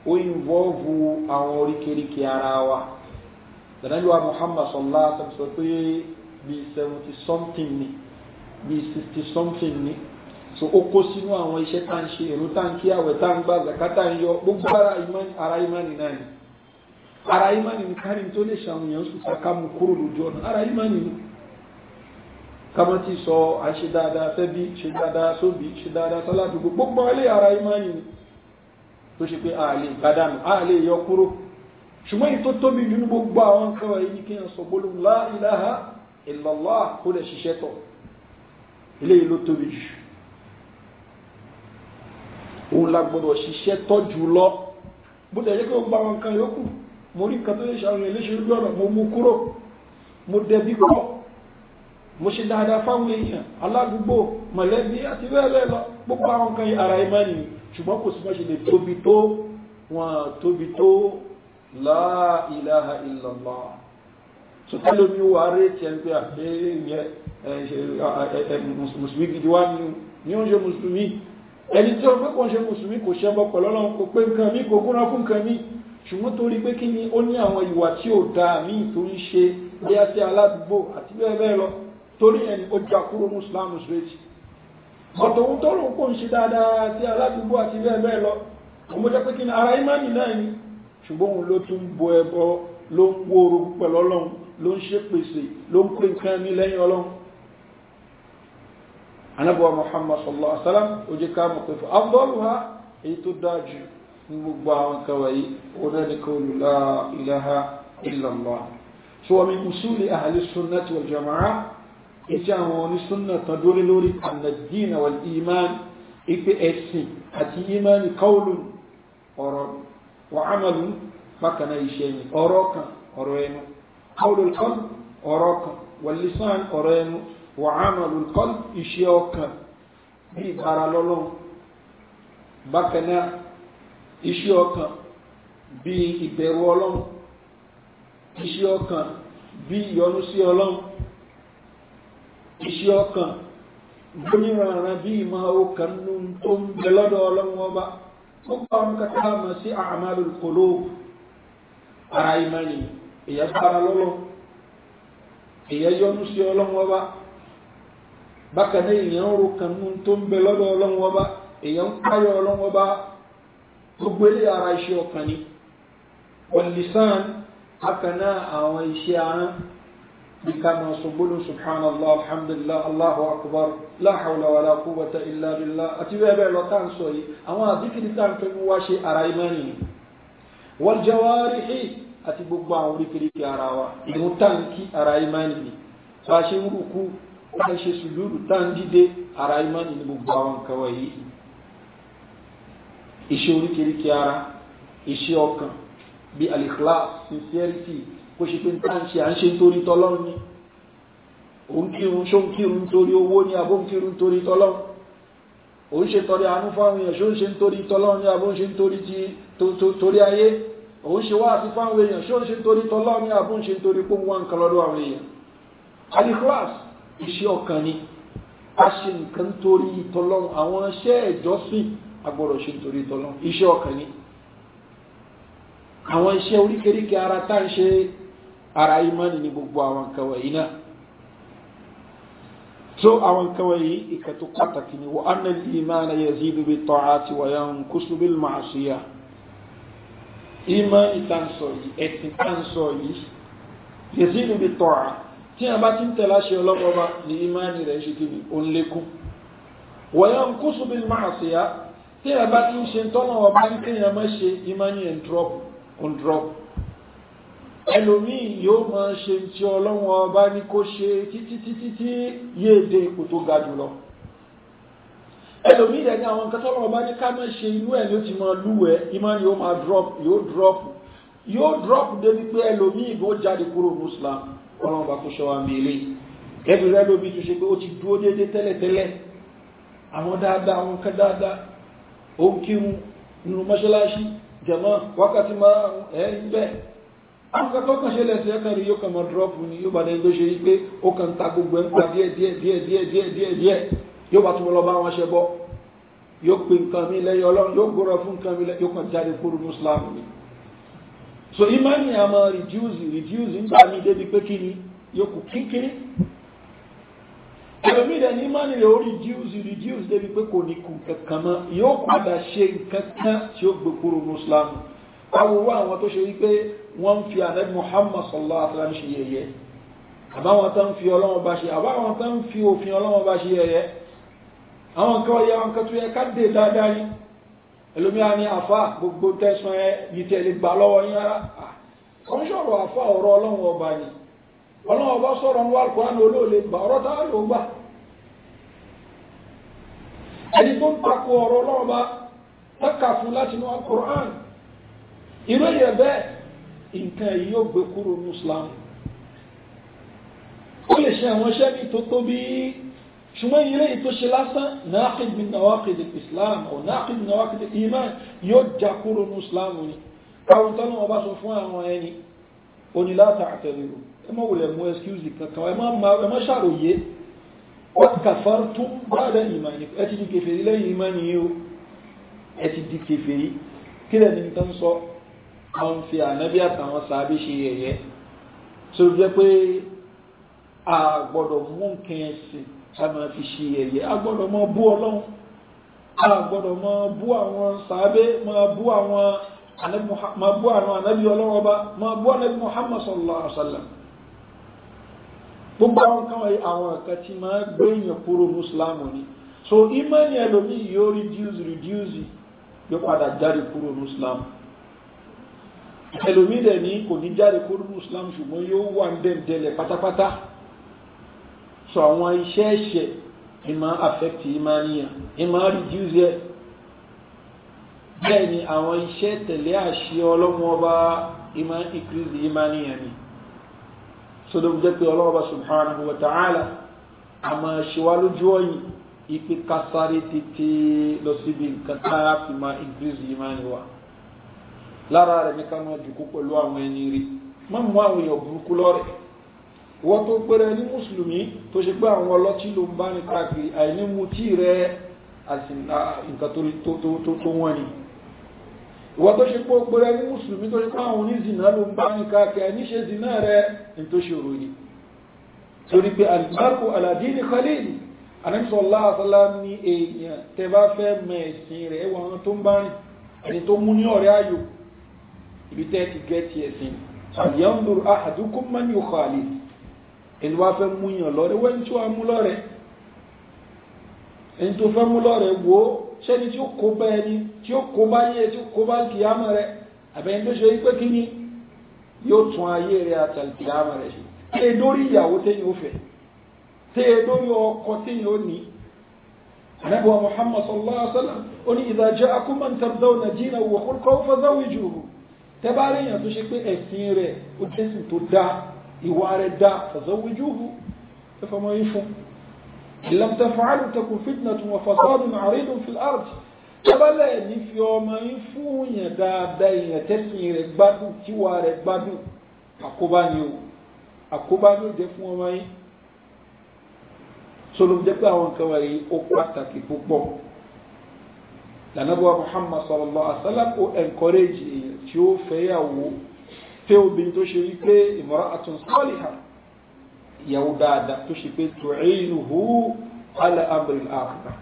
ó involve àwọn oríkèéríkèé ara wa dana dàdàlúwa Muhammad sallallahu alaihi wasallam sọ pé bí seventy something ni bi sixty something ni so ó kó sínú àwọn iṣẹ́ tá ń ṣe èrò tá ń kí àwẹ̀ tá ń gbà zakata ń yọ gbogbo ara imani náà ni ara imani ni kárí tó lè ṣàwùyàn sùkà ká mú kúrò lójú ọ̀nà ara imani ni kama ti sọ àṣe dáadáa fẹ́bí ṣe dáadáa sóbí ṣe dáadáa sáládùúgbò gbogbo alẹ́ ara imani ni tó ṣe pé a lè gbádànù yọ kúrò ṣùgbọ́n èyí tó tóbi nínú gbogbo àwọn nǹkan wọ̀nyí ní kí n sọ gbólóhùn la ilaha illallah kó lè ṣiṣẹ́ tọ̀ eléyìí ló tóbi jù òun la gbọdọ̀ ṣiṣẹ́ tọ̀ jù lọ bó tẹ̀ yẹ kí o gba àwọn nǹkan yòókù mo rí nǹkan tó lè ṣàrùn eléṣe lórí ọ̀rọ̀ mo mú kúrò mo dẹbi kọ́ mo ṣe dáadáa fáwọn èèyàn aládùúgbò mọ̀lẹ́bí àti bẹ́ẹ̀ bẹ́ẹ̀ lọ gbogbo àwọn nǹkan yìí ara ẹ̀ máa nìyí ṣùgbọ́n kò sí mọ́ ṣe lè tóbi tó wọn tóbi tó la ilaha illallah sọtẹ́lẹ̀ mi wà rẹ̀ tiẹ̀ ń pè à ẹ̀ mùsùlùmí gidi wá ní ní oúnjẹ mùsùlùmí ẹni tí ó pé kò ń ṣe mùsùlùmí kò ṣe ẹbọ pẹ̀lú ọlọ́run kò pé nǹkan mi kò kúnra fún nǹkan mi ṣùgbọ́n torí pé kí ni ó ní àwọn ìwà tí ò dáa ní ìtorí ṣe bí a ṣe aládùúgbò àti bẹ́ẹ̀ bẹ́ẹ̀ lọ torí ẹni ó já kúrò mùsùlùmí ṣèjì ọ̀tọ̀ òun tọ́rọ̀ kò ń ṣe dáadáa sí aládùúgbò àti bẹ́ẹ̀ bẹ́ẹ̀ lọ òun jẹ́ pé kí ni ara ìmánì náà ni ṣùgbọ́n òun ló tún bo ẹbọ ló ń wó orogún pẹ̀lú ọlọ́run ló ń ṣèpèsè ló ń pè nǹkan ní lẹ́yìn ọlọ́run anábọ̀ muhammad sallallahu alaihi wasallam ó jẹ́ ká mọ̀ pé fún abdulluha èyí tó dáa jù ní gbogbo àwọn nǹkan wọ̀nyí ó náà ní kó la ilaha illallah so wa min usuli ahli sunnati wal jama'a ètí àwọn onísúnnà tán dórí lórí annadina wal iman ipe ẹ̀sìn àti imani kaulun ọ̀rọ̀ wa amalu bákan náà iṣẹ́ yìí ọ̀rọ̀ kan ọ̀rọ̀ ẹnu qawlul qalb ọ̀rọ̀ kan wal lisan ọ̀rọ̀ ẹnu wa amalul qalb iṣẹ́ ọkàn bí ìbára lọ́lọ́run bákan náà iṣẹ́ ọkàn bí ìbẹ̀rù ọlọ́run iṣẹ́ ọkàn bí ìyọnu sí ọlọ́run iṣẹ́ ọkàn gbóníranran bí ìmọ̀ ọkàn nù tó ń bẹ lọ́dọ̀ ọlọ́run ọba gbogbo àwọn kata mọ̀ sí àmàlù kòló ara ìmánì èyà bára lọ́lọ́ èyà yọnu sí ọlọ́wọ́ bá bákan náà èyà ń ro kanú tó ń bẹ lọ́dọ̀ ọlọ́wọ́ bá èyà ń páyọ̀ ọlọ́wọ́ ara iṣẹ́ ọkàn ni wọ́n lè àwọn iṣẹ́ ahọ́n bí ká máa sọ gbólóhùn subhanallah alhamdulillah allahu akbar la hawla wala quwwata illa billah àti bẹ́ẹ̀ bẹ́ẹ̀ lọ tá à ń sọ yìí àwọn àdìkìrì tá à ń fẹ́ mú wá ṣe ara ìmánì ni wal jawarihi àti gbogbo àwọn oríkèéríkèé ara wa ìrun tá à ń kí ara ìmánì ni bá a ṣe ń rúkú bá a ṣe sùjúdù tá à ń dìde ara ìmánì ni gbogbo àwọn nǹkan wọ̀nyí iṣẹ́ oríkèéríkèé ara iṣẹ́ ọkàn bíi al-ikhlas sincerity kó ṣe pé ní à ń ṣe à ń ṣe nítorí tọ́lọ́run ni òun kírun ṣó ń kírun nítorí owó ni àbó ń kírun nítorí tọ́lọ́run òun ṣe tọrẹ àánú fáwọn èèyàn ṣó ń ṣe nítorí tọ́lọ́run ni àbó ń ṣe nítorí ti torí ayé òun ṣe wá àti fáwọn èèyàn ṣó ń ṣe nítorí tọ́lọ́run ni àbó ń ṣe nítorí pé wọ́n ń kan lọ́dọ̀ àwọn èèyàn a ṣe nǹkan torí tọ́lọ́run àwọn iṣẹ́ ìjọsìn agbọ́dọ̀ ṣe nítorí tọ́lọ́run iṣẹ́ ọkàn ni àwọn iṣẹ́ oríkèéríkèé ara tá ń ṣe ara imani ni gbogbo àwọn nǹkan wọ̀nyí so àwọn nǹkan wọ̀nyí ìkan tó pàtàkì ni wa anna al-imana yazidu bit-ta'ati wa yanqusu bil-ma'siyah imani tá ń sọ yìí ẹ̀sìn tá ń sọ yìí yazidu bit-ta'a tí a bá ti ń tẹ̀lé aṣọ ọlọ́mọba ni imani rẹ̀ ṣe kí ni ó ń lékún wa bil-ma'siyah tí a bá ti ń ṣe tọ́lọ́wọ́ bá ń kéèyàn má ṣe imani ẹ̀ drop ń drop ẹlòmíì yóò máa ṣe tí ọlọ́run ọba ní kó ṣe títí títí tí yéé dé ipò tó ga jùlọ ẹlòmíì dẹ̀ ní àwọn nǹkan tọ́lọ́ ọba ní ká máa ṣe inú ẹ̀ ló ti máa lúwẹ̀ẹ́ ìmọ̀ ni ó máa drop yóò drop yóò drop débi pé ẹlòmíì ìbò jáde kúrò ní Islam ọba kò ṣe wa mi eléyìí kẹ́bi rẹ lóbi tó ṣe pé ó ti dúró déédéé tẹ́lẹ̀tẹ́lẹ̀ àwọn dáadáa àwọn kan dáadáa ó kírun nínú mọ́ṣáláṣí jẹ̀mọ́ wákàtí máa ẹ̀ ń bẹ́ẹ̀ àwọn tó kàn ṣẹlẹ̀ sí ẹ̀kàrí yóò kàn mọ́ dúrọ́pù ni yóò bá dẹ́n tó ṣe yí pé ó kàn ta gbogbo ẹ̀ ń pa díẹ̀ díẹ̀ díẹ̀ díẹ̀ díẹ̀ díẹ̀ díẹ̀ yóò bá tún lọ bá wọn ṣe bọ́ yóò pe nǹkan mi lẹ́yìn ọlọ́run yóò gbọ́rọ̀ fún nǹkan mi lẹ́yìn yóò kàn jáde kúrò mùsùlùmí ni. so imani àmọ́ reduce reduce ń gbà mí débi pé kí ni yóò kù kékeré ẹlòmíì dẹ̀ ní imani rẹ̀ ó reduce reduce débi pé kò ní kù kankan mọ́ yóò padà ṣe nǹkan kan tí ó gbé kúrò mùsùlùmí. báwo wá àwọn tó ṣe wípé wọ́n ń fi ànábì Muhammad sallallahu alaihi wasallam ṣe yẹ̀yẹ́ àbáwọn tán ń fi ọlọ́wọ́n bá ṣe àbáwọn tán ń fi òfin ọlọ́wọ́n bá ṣe yẹ̀yẹ́ àwọn nǹkan ọ̀yẹ́ àwọn nǹkan tó yẹ ká dé dáadáa yín ẹlòmíà ní àfa gbogbo tẹ̀sán ẹ ní tẹ̀lé gbà lọ́wọ́ yín rárá wọ́n sọ̀rọ̀ àfa ọ̀rọ̀ ọba ni ọlọ́wọ́n ọba sọ̀rọ̀ ní Al-Qur'an olóòlè gbà ọ̀rọ̀ táwọn ló gbà ẹni tó ń takò ọ̀rọ̀ ọlọ́wọ́n ọba tẹ́ka fún látinú Al-Qur'an ìró yẹ bẹ́ẹ̀ nǹkan yìí yóò gbé kúrò ní islam ó lè ṣe àwọn iṣẹ́ mi tó tóbi ṣùgbọ́n ilé yìí tó ṣe lásán naqid min nawaqid islam ọ̀ naqid min nawaqid iman yóò já kúrò ní islam ni káwọn tọ́lọ́ wọn bá sọ fún àwọn ẹni oní láta àtẹ̀rẹ̀rù ẹ má wulẹ̀ mú excuse kankan ẹ má ṣàròyé wọ́n kàfàr tún ba'da ìmánì ẹ ti di kèfèrí lẹ́yìn ìmánì yìí ó ẹ ti di kèfèrí kí lẹ́ni tó ń sọ wọ́n fi ànábì àtàwọn sàábí ṣe yẹ̀yẹ́ tó jẹ́ pé a gbọ́dọ̀ mú nǹkan ẹ̀sìn ká máa fi ṣe yẹ̀yẹ́ a gbọ́dọ̀ máa bú ọlọ́run a gbọ́dọ̀ máa bú àwọn sàábé máa bú àwọn máa bú àwọn ànábì ọlọ́run ọba máa bú ànábì Muhammad sallallahu alaihi wa sallam gbogbo àwọn kan wáyé àwọn nǹkan máa gbé kúrò mùsùlámù ni so imani ẹlòmíì yóò reduce reduce yóò padà jáde kúrò mùsùlámù ẹlòmí dẹ̀ ní kò ní jáde kúrò ní Islam ṣùgbọ́n yóò wà ń dẹ̀mdẹ̀lẹ̀ pátápátá sọ àwọn iṣẹ́ ẹ̀ṣẹ̀ ìmọ̀ affect ìmánìyàn ìmọ̀ reduce ẹ̀ bẹ́ẹ̀ ni àwọn iṣẹ́ tẹ̀lé àṣẹ ọlọ́mọ ọba ìmọ̀ increase ìmánìyàn ni sọdọ̀ jẹ́ pé ọlọ́ọba subhanahu wa ta'ala a máa ṣe wá lójú ọ̀yìn ipe kásáré tètè lọ síbi nǹkan tá a fi máa increase ìmánìyàn wa lára rẹ̀ ní ká máa jùkú pẹ̀lú àwọn ẹni rí má àwọn èèyàn burúkú lọ́rẹ̀ wọ́n tó péré ní mùsùlùmí tó ṣe pé àwọn ọlọ́tí ló ń bá ní káàkiri àìní mu tí rẹ̀ nǹkan tó wọ́n ni ìwọ́n tó ṣe pé ó péré ní mùsùlùmí tó ṣe pé àwọn onízìnà ló ń bá ní káàkiri àìní ṣe zìnà rẹ̀ ní tó ṣe òròyìn torí pé alimarku aladini khalili anamsọ lásàlá ní èèyàn tẹ bá fẹ́ mẹ̀ẹ̀sìn rẹ̀ ẹwà àwọn tó ń bá rìn ẹni tó mú ní ọ̀rẹ́ ayò ibi tẹ́ ti gẹ́tì ẹ̀sìn àyànlò àdúkú mọ́ni ọkọ̀ àlè ẹni wá fẹ́ mú yàn lọ́rẹ́ wẹ́n tí wàá mú lọ́rẹ́ ẹni tó fẹ́ mú lọ́rẹ́ wò ó ṣẹ́ni tí ó kó bá ẹni tí ó kó bá yẹ tí ó kó bá kìyàmọ̀ rẹ àbẹ̀yìn tó ṣe pé kí ni yóò tún ayé rẹ àtàlùkìyàmọ̀ rẹ ṣe tẹ́ ẹ dórí ìyàwó tẹ́yìn ó fẹ́ tẹ́ ẹ dórí ọkọ tẹ́yìn ó ní ànábì Muhammad sallallahu alaihi wa sallam ó ní idha ja'akum man tardawna dinahu wa khulquhu tẹ́bá rí èèyàn tó ṣe pé ẹ̀sìn rẹ̀ ó jẹ́sì tó dá ìwà rẹ̀ dá fazawwijuhu ẹfọmọ yìí fún lam taf'alu takun fitnatun wa fasadun 'aridun fil ard tẹ́bá lẹ̀ ní fi ọmọ yìí fún yẹn dáadáa èèyàn tẹ́sìn rẹ̀ gbádùn tíwà rẹ̀ gbádùn àkóbá ni o àkóbá ló jẹ́ fún ọmọ yìí sọlọ jẹ́ pé àwọn nǹkan wọ̀nyí ó pàtàkì púpọ̀ lànà Muhammad sallallahu alaihi encourage èèyàn tí ó fẹ́yàwó fẹ́ obìnrin tó ṣe rí pé imra'atun salihah ìyàwó dáadáa tó ṣe pé tu'inuhu ala amril akhirah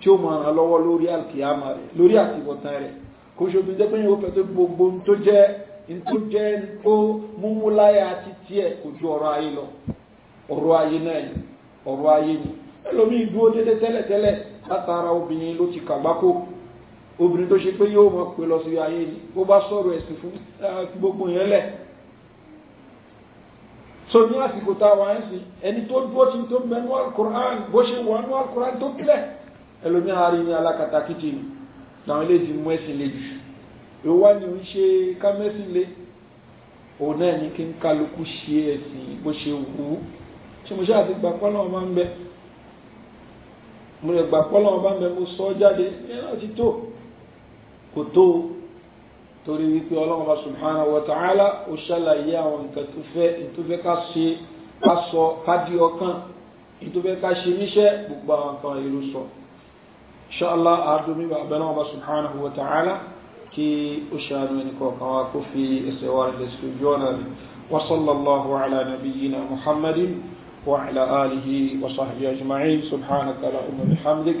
tí ó máa ràn lọ́wọ́ lórí alkiyama rẹ̀ lórí àtibọ̀tán rẹ̀ kò ṣe obìnrin jẹ́pẹ́ yóò pẹ̀tẹ́ gbogbo tó jẹ́ tó jẹ́ tó múmú láyà àti tiẹ̀ kò ju ọ̀rọ̀ ayé lọ ọ̀rọ̀ ayé náà ni ọ̀rọ̀ ayé ni ẹlòmíì dúró dédé tẹ́lẹ̀tẹ́lẹ̀ látara obìnrin ló ti kàgbákò obìnrin tó ṣe pé yóò mọ̀ pé lọ sí ayé ni bó bá sọ̀rọ̀ ẹ̀sìn fún gbogbo yẹn lẹ̀ so ní àsìkò tá a wà ń sìn ẹni tó dúró tí tó mẹ́nu alukur'an bó ṣe wà nú alukur'an tó kílẹ̀ ẹlòmíà rí ní alákatakítì ni làwọn ilé mú ẹ̀sìn le jù èwo wá ní ń kámẹ́sìn le òun náà ní kí n kálukú ṣe ẹ̀sìn bó ṣe wù ú ṣé mo ṣe àti gbà pọ́n náà máa ń bẹ mo lè gbà pọ́n náà máa ń bẹ mo sọ jáde ẹ náà ti tó kò tó torí wípé ọlọ́run bá subhanahu wa ta'ala ó ṣàlàyé àwọn nǹkan tó fẹ́ tó fẹ́ ká ṣe ká sọ ká di ọkàn tó fẹ́ ká ṣe níṣẹ́ gbogbo àwọn nǹkan ìlú sọ ṣọ́lá àádọ́mí bàbẹ́lá subhanahu wa ta'ala kí ó ṣàánú ẹni kọ̀ọ̀kan wa kó fi ẹsẹ̀ wa rẹ̀ sí ojú ọ̀nà rẹ̀ wa sallallahu ala nabiyyina muhammadin wa ala alihi wa sahbihi ajma'in subhanaka la umma bihamdik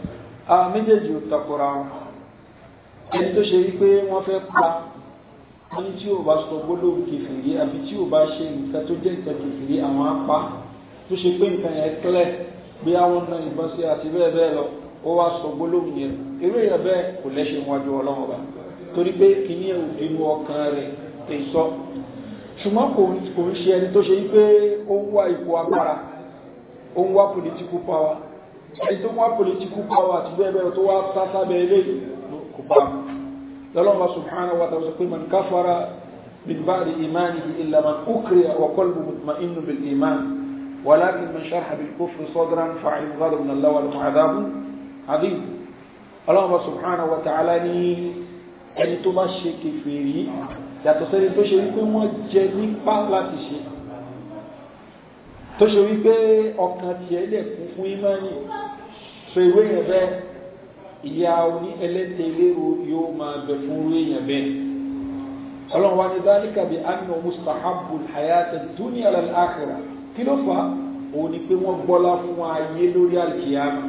a méjèèjì ò takora wọn ẹni tó ṣe wípé wọ́n fẹ́ pa wọ́n tí ò bá sọ gbọ́dọ̀ kẹfìrí àbí tí ò bá ṣe nǹkan tó jẹ́ nǹkan kẹfìrí àwọn apá tó ṣe pé nǹkan yẹn kílẹ̀ bí àwọn náà ìbọn sí àti bẹ́ẹ̀ bẹ́ẹ̀ lọ ó wá sọ gbólóhùn yẹn irú èèyàn bẹ́ẹ̀ kò lẹ́ṣẹ̀ wájú ọlọ́run ọba torí pé kìíní ẹ̀ òdìmú ọkàn rẹ̀ tè sọ ṣùgbọ́n kò ń ṣe ẹni tó ṣe wípé ó ń wá ipò agbára ó ń wá political power ẹni tó wá political power àti bẹ́ẹ̀ bẹ́ẹ̀ tó wá sáta bẹ́ẹ̀ lé kò bá mu lọ́lọ́mọ subhanahu wa ta'ala sọ pé man káfara min ba'di imanihi illa man ukriya wa qalbuhu mutma'innu bil iman walakin man sharaha bil kufri sadran fa'in ghadab min Allah wa lahu adhabun adhim lọ́lọ́mọ subhanahu wa ta'ala ní ẹni tó bá ṣe kèfèrí yàtọ̀ sẹ́ni tó ṣe wípé wọ́n jẹ nípa láti ṣe tó ṣe wípé ọkàn tiẹ̀ lè kún fún ìmánì so ìwé yẹn bẹ́ẹ̀ ìyá oní ẹlẹ́tẹ̀ eléro yóò máa bẹ fún ìwé yẹn bẹ́ẹ̀ ọlọ́run wa ní dhalika bi anna mustahabbu al-hayata ad-dunya ala al-akhirah kí ló fà á òun ni pé wọ́n gbọ́lá fún ayé lórí àkìyàmù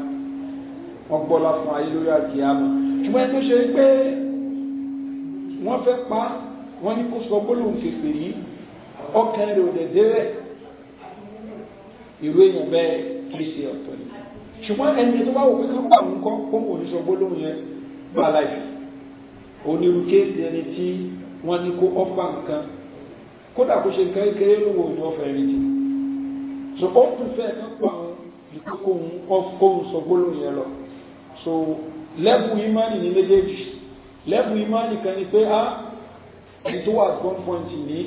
wọ́n gbọ́lá fún ayé lórí àkìyàmù ṣùgbọ́n tó ṣe pé wọ́n fẹ́ pa wọ́n ní kó sọ gbólóhùn fèfè yìí ọkàn rẹ̀ ò dẹ̀ dé rẹ̀ irú èèyàn bẹ́ẹ̀ kìí ṣe ọ̀tọ̀ ni ṣùgbọ́n ẹni tó bá wò pé káwọn àwọn nǹkan kó wọn oníṣọ gbólóhùn yẹn bá láìfi onírú kéèsì ẹni tí wọ́n ní kó ọ́fà nǹkan kódà kó ṣe nǹkan kékeré lówó ní ọ̀fà ẹ̀rí jù so ó tún fẹ́ kápá àwọn kóhun sọ gbólóhùn yẹn lọ so lẹ́bù ìmánì ní méjèèjì lẹ́bù ìmánì kan ni pé á ẹni tó wà at one point ní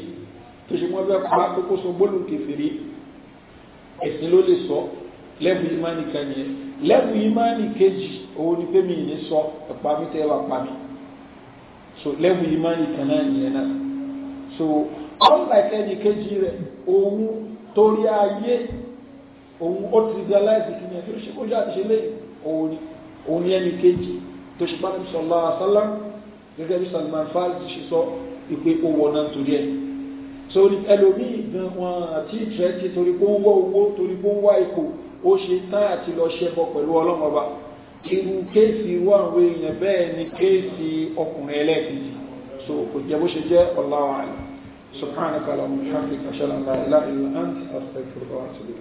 tó ṣe mọ́ bẹ́ẹ̀ pa kókó sọ gbólóhùn kẹfìrí ẹ̀sìn ló lè sọ lẹ́bù ìmánì kan yẹn lẹ́bù ìmánì kejì owó ni pé mi ní sọ ẹ̀pá mi tẹ́ wà so lẹ́bù ìmánì kan nìyẹn náà so unlike ẹnì kejì rẹ̀ òun torí ayé òun ó ti di aláìsíkí ni ẹ̀ tó ṣe kó jáde ṣe lé òun ni òun ni ẹnì kejì tó ṣe bá ní sọ̀lá àṣálá gẹ́gẹ́ bí Salman Farisi ṣe sọ ìpè owó náà torí ẹ̀ torí ẹlòmíì gan wọn àti ìtìrẹsì e torí pé ń wọ owó torí pé ń wá ipò ó ṣe tán àti lọ ṣẹbọ pẹ̀lú ọlọ́mọba irú kéèsì irú àwọn èèyàn bẹ́ẹ̀ ni kéèsì ọkùnrin ẹlẹ́ẹ̀kejì so kò jẹ́ bó ṣe jẹ́ Allahu a'lam subhanaka allahumma wa bihamdika ashhadu an la ilaha illa anta astaghfiruka wa atubu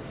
ilayk